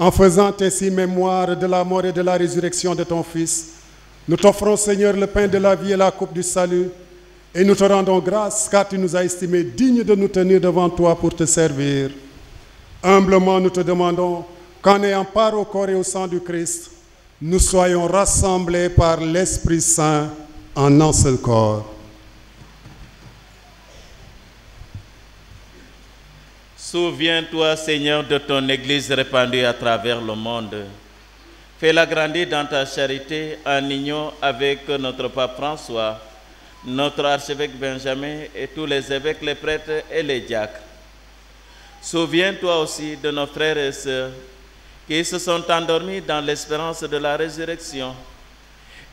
En faisant ainsi mémoire de la mort et de la résurrection de ton Fils, nous t'offrons, Seigneur, le pain de la vie et la coupe du salut, et nous te rendons grâce car tu nous as estimés dignes de nous tenir devant toi pour te servir. Humblement, nous te demandons qu'en ayant part au corps et au sang du Christ, nous soyons rassemblés par l'Esprit Saint en un seul corps. Souviens-toi, Seigneur, de ton Église répandue à travers le monde. Fais-la grandir dans ta charité en union avec notre pape François, notre archevêque Benjamin et tous les évêques, les prêtres et les diacres. Souviens-toi aussi de nos frères et sœurs qui se sont endormis dans l'espérance de la résurrection.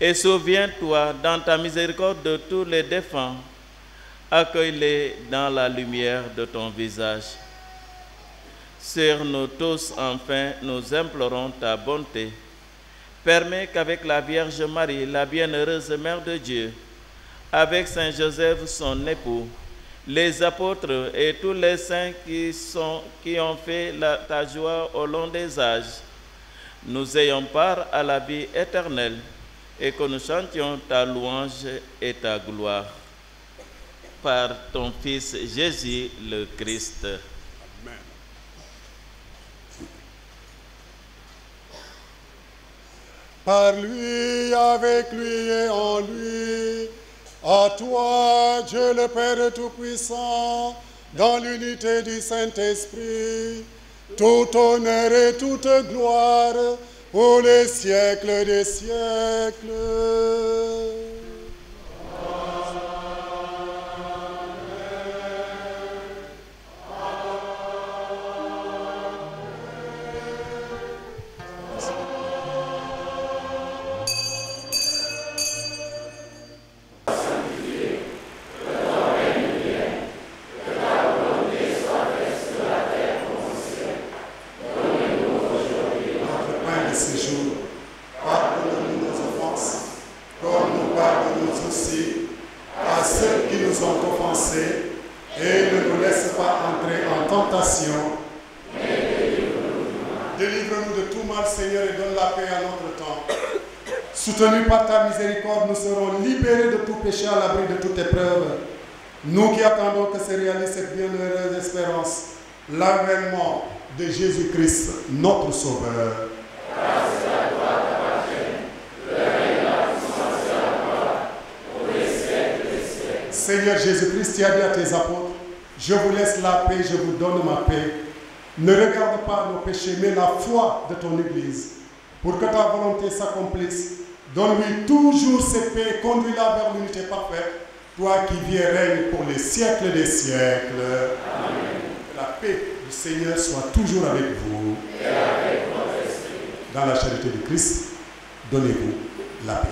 Et souviens-toi dans ta miséricorde de tous les défunts. Accueille-les dans la lumière de ton visage. Sur nous tous, enfin, nous implorons ta bonté. Permets qu'avec la Vierge Marie, la bienheureuse Mère de Dieu, avec Saint Joseph, son époux, les apôtres et tous les saints qui, sont, ont fait la, ta joie au long des âges, nous ayons part à la vie éternelle et que nous chantions ta louange et ta gloire. Par ton Fils Jésus le Christ. par lui, avec lui et en lui. À toi, Dieu le Père Tout-Puissant, dans l'unité du Saint-Esprit, tout honneur toute gloire pour les siècles des siècles. Soutenus par ta miséricorde, nous serons libérés de tout péché à l'abri de toute épreuve. Nous qui attendons que se réalise cette bienheureuse espérance, l'avènement de Jésus-Christ, notre Sauveur. Seigneur Jésus-Christ, tu as dit à tes apôtres, je vous laisse la paix, je vous donne ma paix. Ne regarde pas nos péchés, mais la foi de ton Église, pour que ta volonté s'accomplisse Donne-lui toujours cette paix, conduis-la vers l'unité parfaite, toi qui viens règne pour les siècles des siècles. Amen. la paix du Seigneur soit toujours avec vous. Et avec votre esprit. Dans la charité du Christ, donnez-vous la paix.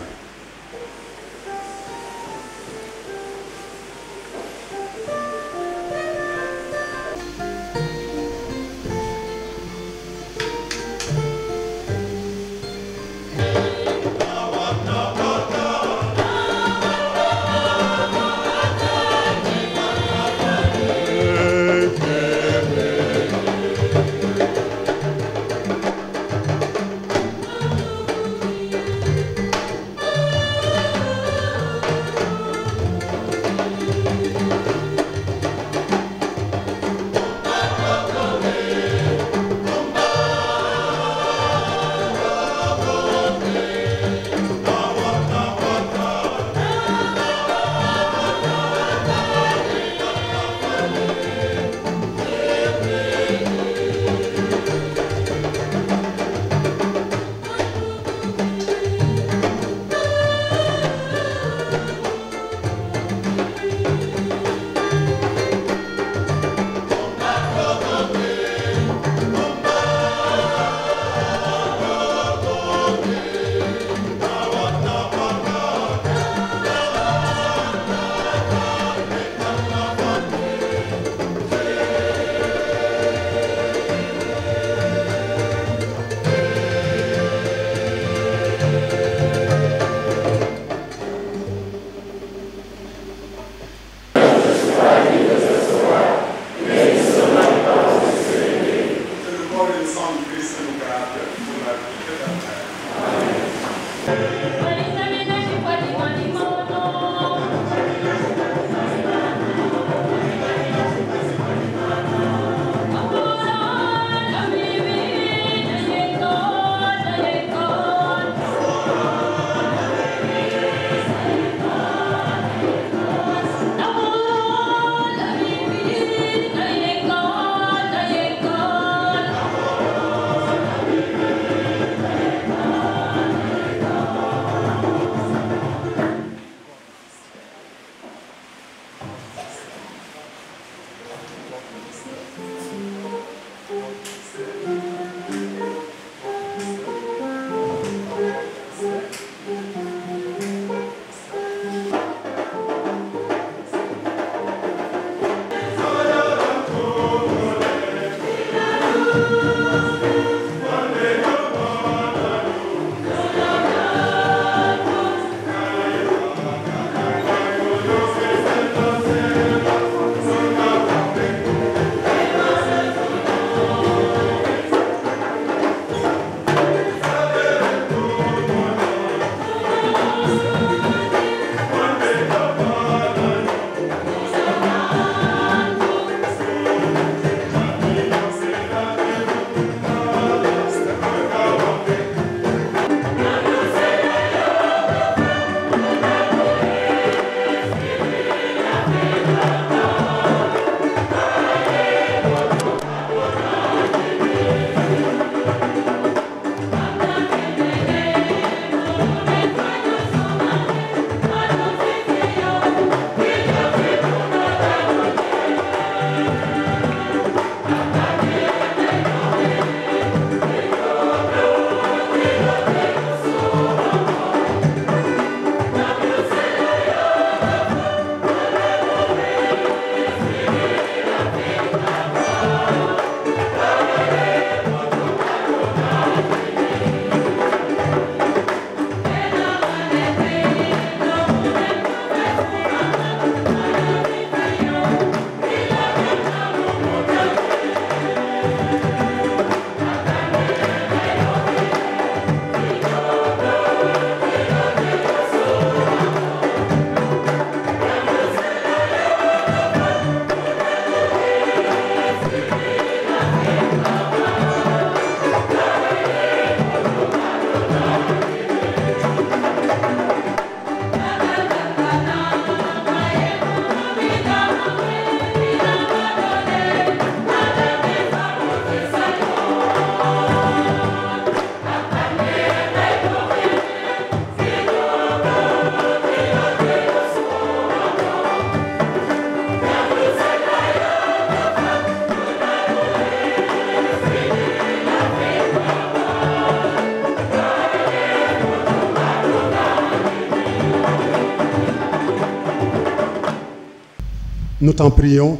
t'en prions,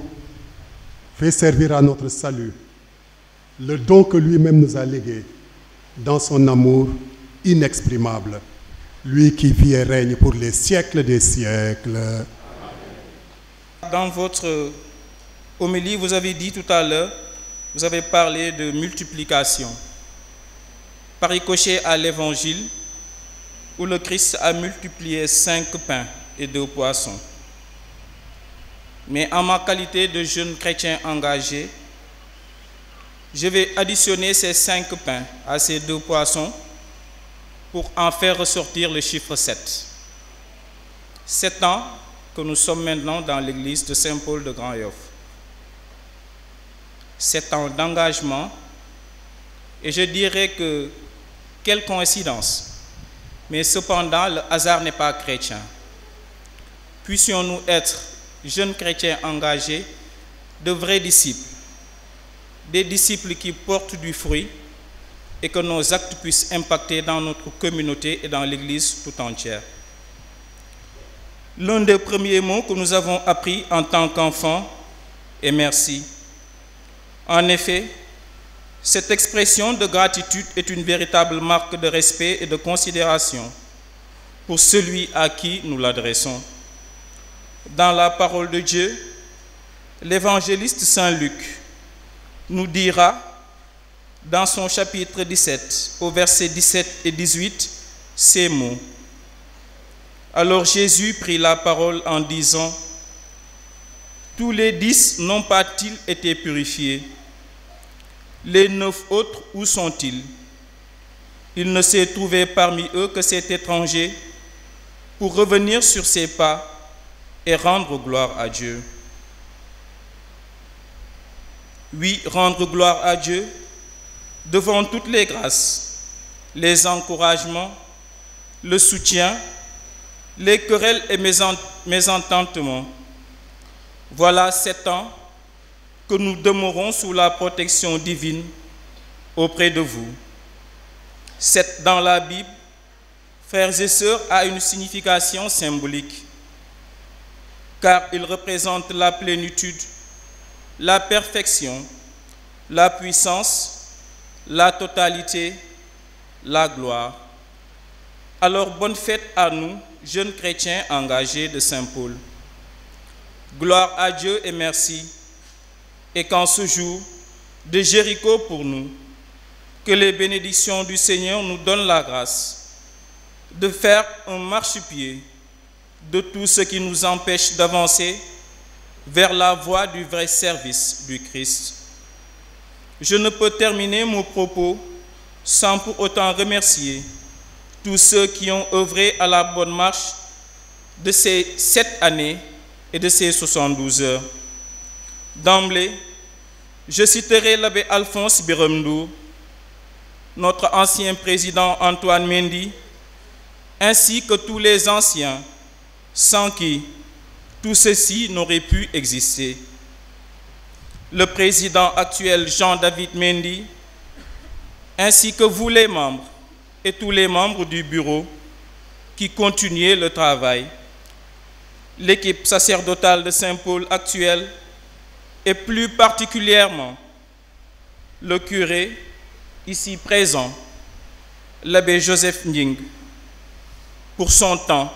fais servir à notre salut le don que lui-même nous a légué dans son amour inexprimable, lui qui vit et règne pour les siècles des siècles. Dans votre homélie, vous avez dit tout à l'heure, vous avez parlé de multiplication. Par ricochet à l'évangile, où le Christ a multiplié cinq pains et deux poissons. mais en ma qualité de jeune chrétien engagé, je vais additionner ces cinq pains à ces deux poissons pour en faire ressortir le chiffre 7. Sept ans que nous sommes maintenant dans l'église de Saint-Paul de Grand-Yoff. Sept ans d'engagement et je dirais que quelle coïncidence. Mais cependant, le hasard n'est pas chrétien. Puissions-nous être jeunes chrétiens engagés, de vrais disciples, des disciples qui portent du fruit et que nos actes puissent impacter dans notre communauté et dans l'Église tout entière. L'un des premiers mots que nous avons appris en tant qu'enfants et merci. En effet, cette expression de gratitude est une véritable marque de respect et de considération pour celui à qui nous l'adressons. dans la parole de Dieu, l'évangéliste Saint Luc nous dira dans son chapitre 17, au verset 17 et 18, ces mots. Alors Jésus prit la parole en disant, Tous les dix n'ont pas-ils été purifiés Les neuf autres, où sont-ils Il ne s'est trouvé parmi eux que cet étranger pour revenir sur ses pas et rendre gloire à Dieu. Oui, rendre gloire à Dieu devant toutes les grâces, les encouragements, le soutien, les querelles et mésententements. Voilà sept ans que nous demeurons sous la protection divine auprès de vous. Sept dans la Bible, frères et sœurs, a une signification symbolique. car il représente la plénitude, la perfection, la puissance, la totalité, la gloire. Alors bonne fête à nous, jeunes chrétiens engagés de Saint-Paul. Gloire à Dieu et merci. Et qu'en ce jour de Jéricho pour nous, que les bénédictions du Seigneur nous donnent la grâce de faire un marchepied de tout ce qui nous empêche d'avancer vers la voie du vrai service du Christ. Je ne peux terminer mon propos sans pour autant remercier tous ceux qui ont œuvré à la bonne marche de ces sept années et de ces 72 heures. D'emblée, je citerai l'abbé Alphonse Biremdou, notre ancien président Antoine Mendy, ainsi que tous les anciens sans qui tout ceci n'aurait pu exister. Le président actuel Jean-David Mendy, ainsi que vous les membres et tous les membres du bureau qui continuez le travail, l'équipe sacerdotale de Saint-Paul actuelle et plus particulièrement le curé ici présent, l'abbé Joseph Ning, pour son temps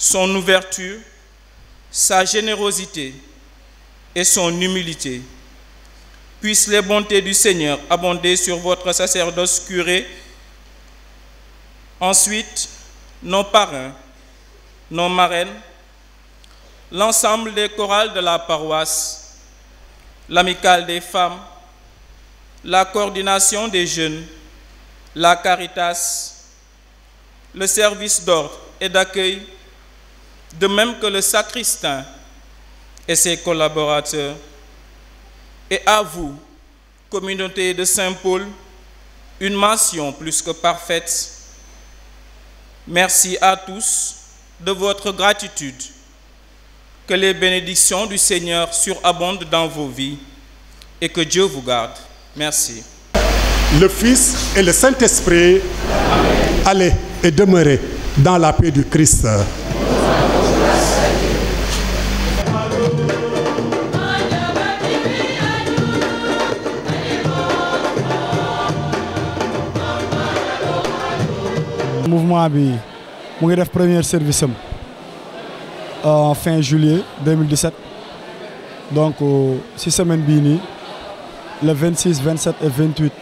son ouverture, sa générosité et son humilité. Puissent les bontés du Seigneur abonder sur votre sacerdoce curé. Ensuite, nos parrains, nos marraines, l'ensemble des chorales de la paroisse, l'amicale des femmes, la coordination des jeunes, la caritas, le service d'ordre et d'accueil de même que le sacristain et ses collaborateurs, et à vous, communauté de Saint-Paul, une mention plus que parfaite. Merci à tous de votre gratitude. Que les bénédictions du Seigneur surabondent dans vos vies et que Dieu vous garde. Le Fils et le Saint-Esprit, allez et demeurez dans la paix du Christ. mouvement bi mu ngi def première service am en euh, fin juillet 2017 donc euh, si semaine bii nii le vingt 27 et 28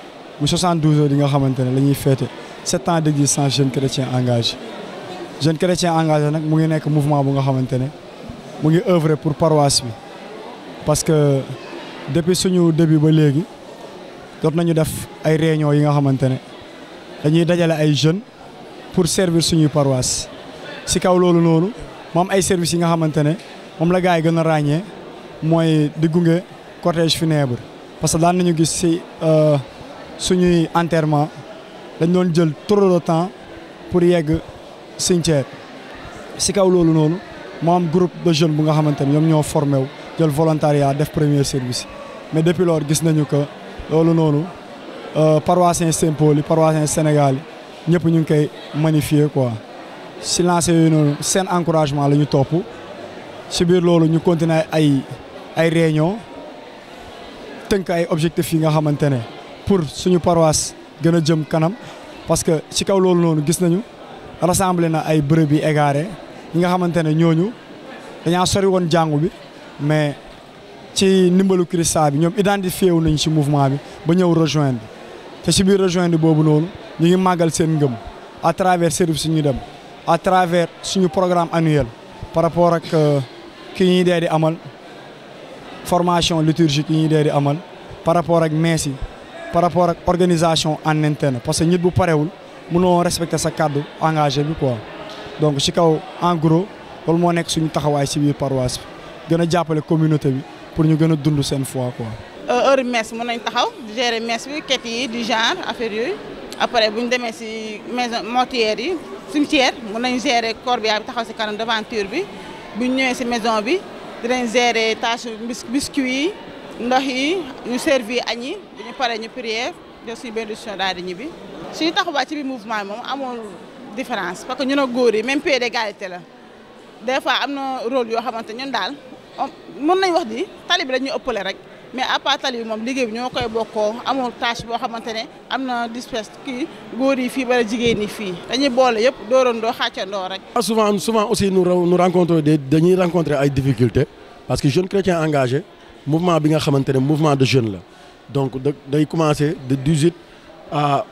mu 72 heures yi nga xamante ne la ñuy féete sept ans d'existence jeune chrétien engagé jeune chrétien engagé nag mu ngi nekk mouvement bu nga xamante ne mu ngi œuvrer pour paroisse bi parce que depuis suñu début ba léegi jot nañu def ay réunion yi nga xamante ne dañuy dajale ay jeunes. pour servir suñuy paroisse si kaw loolu noonu moom ay services yi nga xamante ne moom la gars yi gën a ràññee mooy di gunge cortège funèbre parce que daan nañu gis si euh, suñuy enterrement dañ doon jël trop de temps pour yegg cimetière si kaw loolu noonu moo groupe de jeune bu nga xamante ne ñoom ñoo formé wu jël volontariat def premier service mais depuis lors gis nañu que loolu noonu euh, paroissien Saint-Paul yi paroissien Sénégal yi ñëpp ñu ngi koy magnifier quoi si yooyu noonu seen encouragement la ñu topp si biir loolu ñu continuer ay ay réunion tënk ay objectifs yi nga xamante ne pour suñu paroisse gën a jëm kanam parce que ci kaw loolu noonu gis nañu rassemblé na ay bërëb yi égaré yi nga xamante ne ñooñu dañaa sori woon jàngu bi mais ci ndimbalu Christa bi ñoom identifié wu nañ ci mouvement bi ba ñëw rejoindre te ci biir rejoindre boobu noonu ñu ngi màggal seen ngëm à travers service ñu dem à travers suñu programme annuel par rapport ak euh, ki ñuy dee di amal formation liturgique yi ñuy dee di amal par rapport ak mees yi par rapport ak organisation en interne parce que nit bu parewul mënoo respecter sa kàddu engagé bi quoi donc ci kaw en gros loolu moo nekk suñu taxawaay ci biir paroisse bi gën a jàppale communauté bi pour ñu gën a dund seen foi quoi. Euh, heure messe mën nañ taxaw gérer messe bi ket yi après bu ñu demee si maison mortuaire yi cimetière mun nañu gérer corbillard bi taxaw si kanam devanture bi bu ñu si maison bi dinañ gérer tâche biscuit yi ndox yi ñu servir añ yi bu ñu paree ñu prière jël suñu bénédiction daal di ñibbi suñu taxawaay ci biir mouvement moom amul différence parce que ñun a góor yi même pied d'égalité la des fois am na rôle yoo xamante ñun daal mën nañ wax di tali bi la ñu ëppale rek. mais apatali yi moom liggéey bi ñoo koy bokkoo amul tâche boo xamante ne am na disperse kii góor yi fii wala jigéen yi fii dañuy boole yëpp dóorandoo xàccandoo rek. Ah, souvent souvent aussi nous nous rencontrons des dañuy rencontrer ay difficultés parce que jeune chrétien engagé mouvement bi nga xamante ne mouvement de jeunes la donc da day commencer de 18 à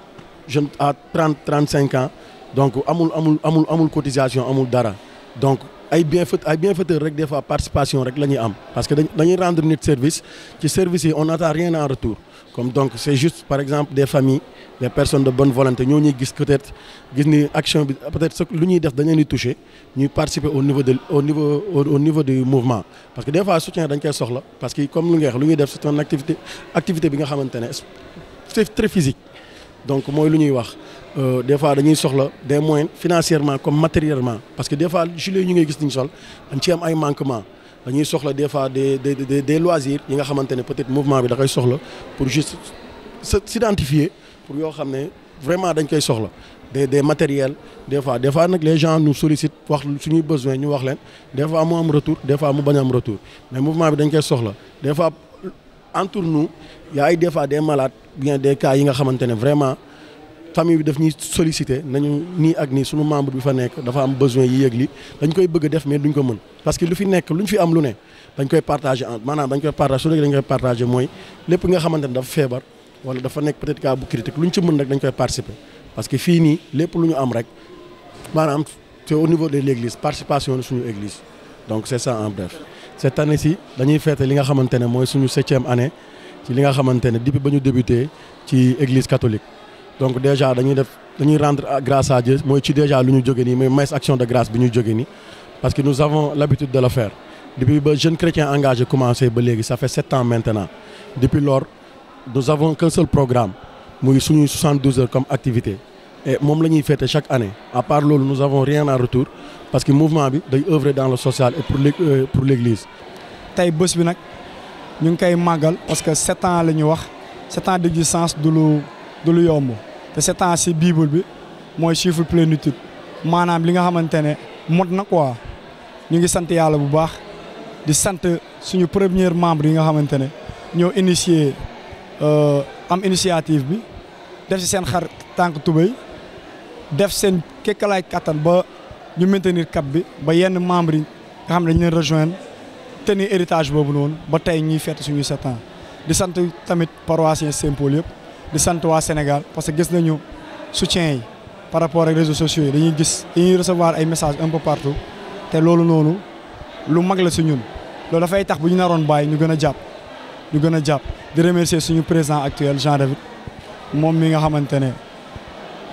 jeune à 30 cinq ans donc amul amul amul amul cotisation amul dara donc. ay bienfait ay bienfaiteurs rek des fois participation rek la ñuy am parce que dañuy rendre nit service ci service yi on n'attend rien en retour comme donc c' est juste par exemple des familles des personnes de bonne volonté ñoo ñuy gis peut être gis ni action bi peut être lu ñuy def dañu leen di touché ñuy participer au niveau de au niveau au niveau du mouvement parce que des fois soutien dañ koy soxla parce que comme lu ngay lu ñuy def c'est une activité bi nga xamante ne c'est donc mooy lu ñuy wax euh, des fois dañuy soxla des moyens financièrement comme matériellement parce que des fois gilet yi ñu ngay gis ni ñu sol dañ ci am ay manquement dañuy soxla des fois des des des, nga xamante ne peut-être mouvement bi da koy soxla pour juste s'identifier pour yoo xam ne vraiment dañ koy soxla des des matériels des fois des fois nag les gens nous sollicitent wax suñuy besoin ñu wax leen des fois mu am retour des fois mu bañ am retour mais mouvement bi dañ koy soxla des fois entre nous y a ay des fois des malades. bien des cas yi nga xamante ne vraiment famille bi daf ñuy nañu nii ak nii suñu bi fa nekk dafa am besoin yi dañ koy bëgg def mais duñ ko mën parce que lu fi nekk luñ fi am lu ne dañ koy partagé maanaam dañ koy partagé su nekk dañ koy mooy lépp nga xamante ne dafa feebar wala dafa nekk peut-être cas bu critique ci mën rek dañ koy participer parce que fii nii lépp lu ñu am rek maanaam c'est au niveau de l'église participation suñu église donc c'est ça en bref cette année ci dañuy fête li nga xamante ne mooy suñu septième année ci li nga xamante ne depuis ba ñu débuté ci église catholique donc déjà dañuy def dañuy rendre grâce à Dieu mooy ci déjà lu ñu jóge nii mooy mais action de grâce bi ñu jóge ni parce que nous avons l'habitude de le faire depuis ba jeune chrétien engagé commencé ba léegi ça fait sept ans maintenant depuis lors nous avons qu'un programme muy suñuy 72 heures comme activité et moom la ñuy fêter chaque année à part loolu nous avons rien en retour parce que mouvement bi day œuvrer dans social et pour euh, pour l'église tey bés bi nag ñu ngi koy màggal parce que sept ans la ñu wax sept ans d'existence du lu du lu yomb te sept si bible bi mooy chiffre plénitude maanaam li nga xamante ne mot na quoi ñu ngi sant yàlla bu baax di sant suñu premier membre yi nga xamante ne ñoo initié euh, am initiative bi def si seen xar tànk tubéy def seen kékkalaay kattan ba ñu maintenir cap bi ba yenn membre yi nga xam ne dañu leen rejoindre te ni héritage boobu noonu ba tey ñuy fête suñuy sept ans di sant tamit paroissiens Saint-Paul yëpp di sant waa Sénégal parce que gis nañu soutien yi par rapport ak réseaux sociaux yi dañuy gis dañuy recevoir ay messages un peu partout te loolu noonu lu mag la si ñun loolu dafay tax bu ñu naroon bàyyi ñu gën a jàpp ñu gën a jàpp di remercier suñu président actuel Jean David moom mi nga xamante ne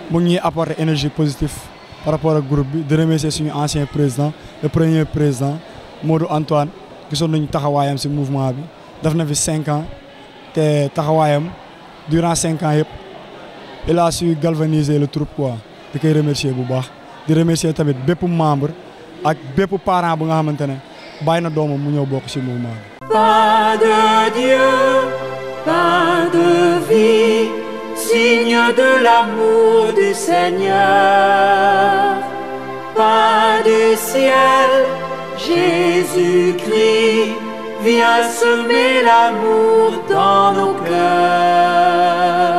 mu ñuy apporte énergie positif par rapport ak groupe bi di remercier suñu ancien président le premier président Modou Antoine gisoon nañu taxawaayam si mouvement bi def na fi cinq ans te taxawaayam durant cinq ans yëpp il a su galvaniser le troupe quoi di koy remercier bu baax di remercier tamit bépp membre ak bépp parent bu nga xamante ne bàyyi na doomam mu ñëw bokk si mouvement bi. Pas de Dieu, pas de vie, signe de l'amour du Seigneur, pas du ciel. Jésus-Christ, viens semer l'amour dans nos cœurs.